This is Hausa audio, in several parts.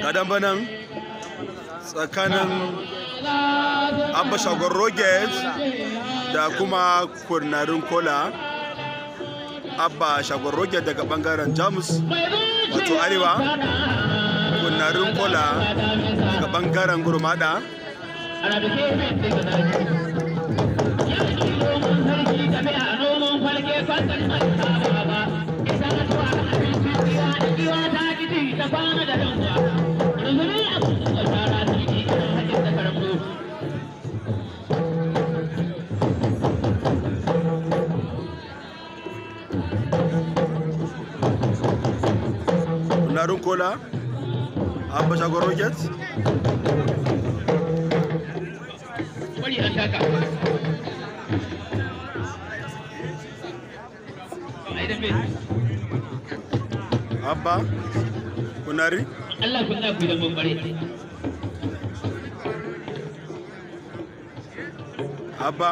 gadan banan tsakanin abba shagon roget da kuma kurnarin kola abba shagon roget daga bangaren jamus wato arewa kurnarin kola daga bangaren gurmada Narun Kola, Abba Shagor Rogers. Abba Kunari. Allah kunna ku da bambare. Abba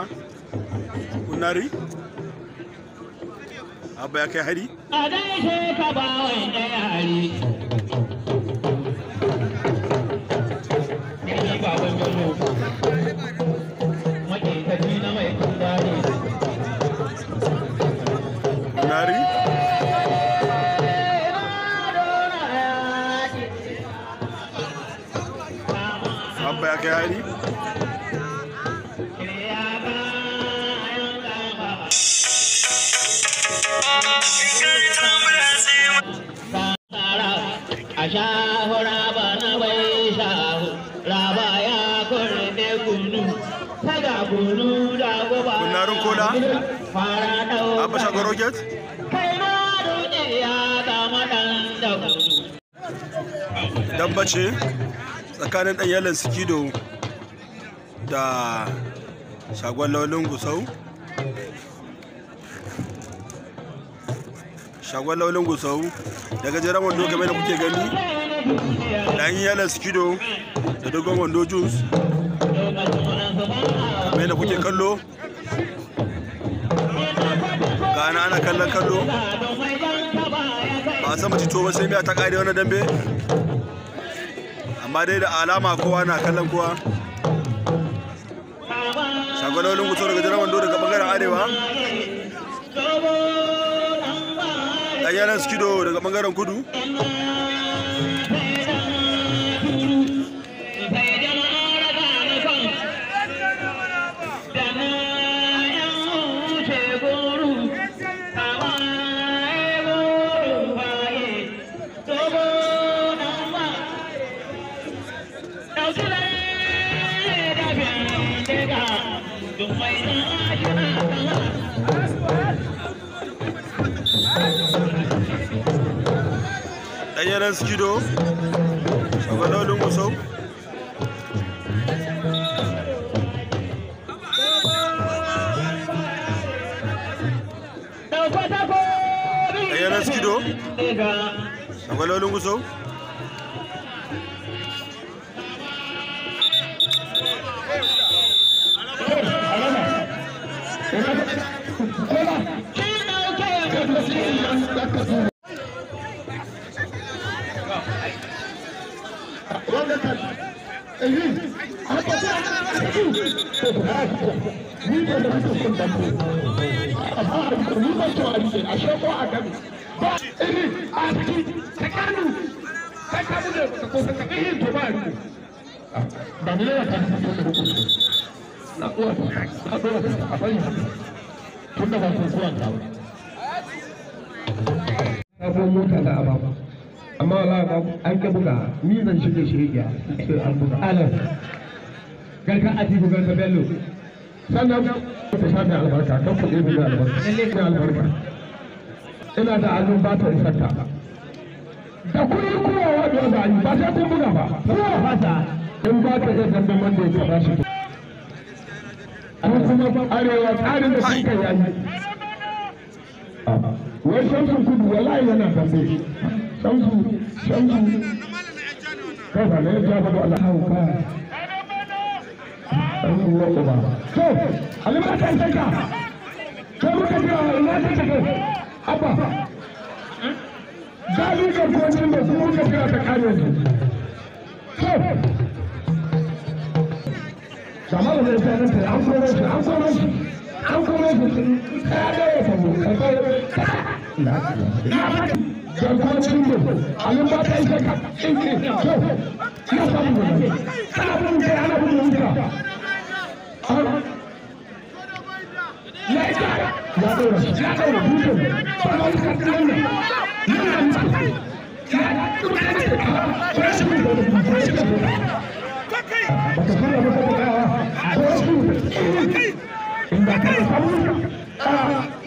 Kunari. abba ya kai hari na mai kudari nari abba shahu raba na bai shahu raba ya kurne gunu kada gunu da goba kunarin kola fara dau abba shago rocket kai ma roƙe ya ga madan da gunu dabbace tsakanin dan yalan sikido da shagon launin gusau shagon laulin gusau daga jiran wando game da kuke gani dan yana skido da dogon wando jus game da kuke kallo gana ana kallon kallo ba a san mutu ba sai biya ta kare wani dambe amma dai da alama kowa na kallon kowa shagon laulin gusau daga jiran wando daga bangaren arewa ga yaran skido daga bangaren kudu Don't Excellence Kido Shagalolin Gusau Excellence Kido Shagalolin Gusau Tunda ba ku zuwa ta ba. Ta zo mota da ababa. amma wala an ka buga ni zan shige shirya sai an buga alas ati buga garka bello sannan ta shafi albarka kan kuɗi buga albarka albarka ina da alun ba ta isarta da kuɗi kuwa wadda da yi ba sai kun buga ba kuma fata in ba ta iya zamba wanda ya ba shi an kuma arewa tsarin da suka yayi wai shamsun kudu wallahi yana zambe shamsu shamsu kai ba ne ya faɗo Allah hauka shamsu wa uba to alimar kai sai ka kai muka jira ina ta abba gali ga gonin da kuma muka jira ta kare su to sama da zai tsaye ta an koro shi an koro shi an koro shi ta ya dawo ta kai kai gargajin mu abin ba ta isa ka inke to ya samu ya kuma ka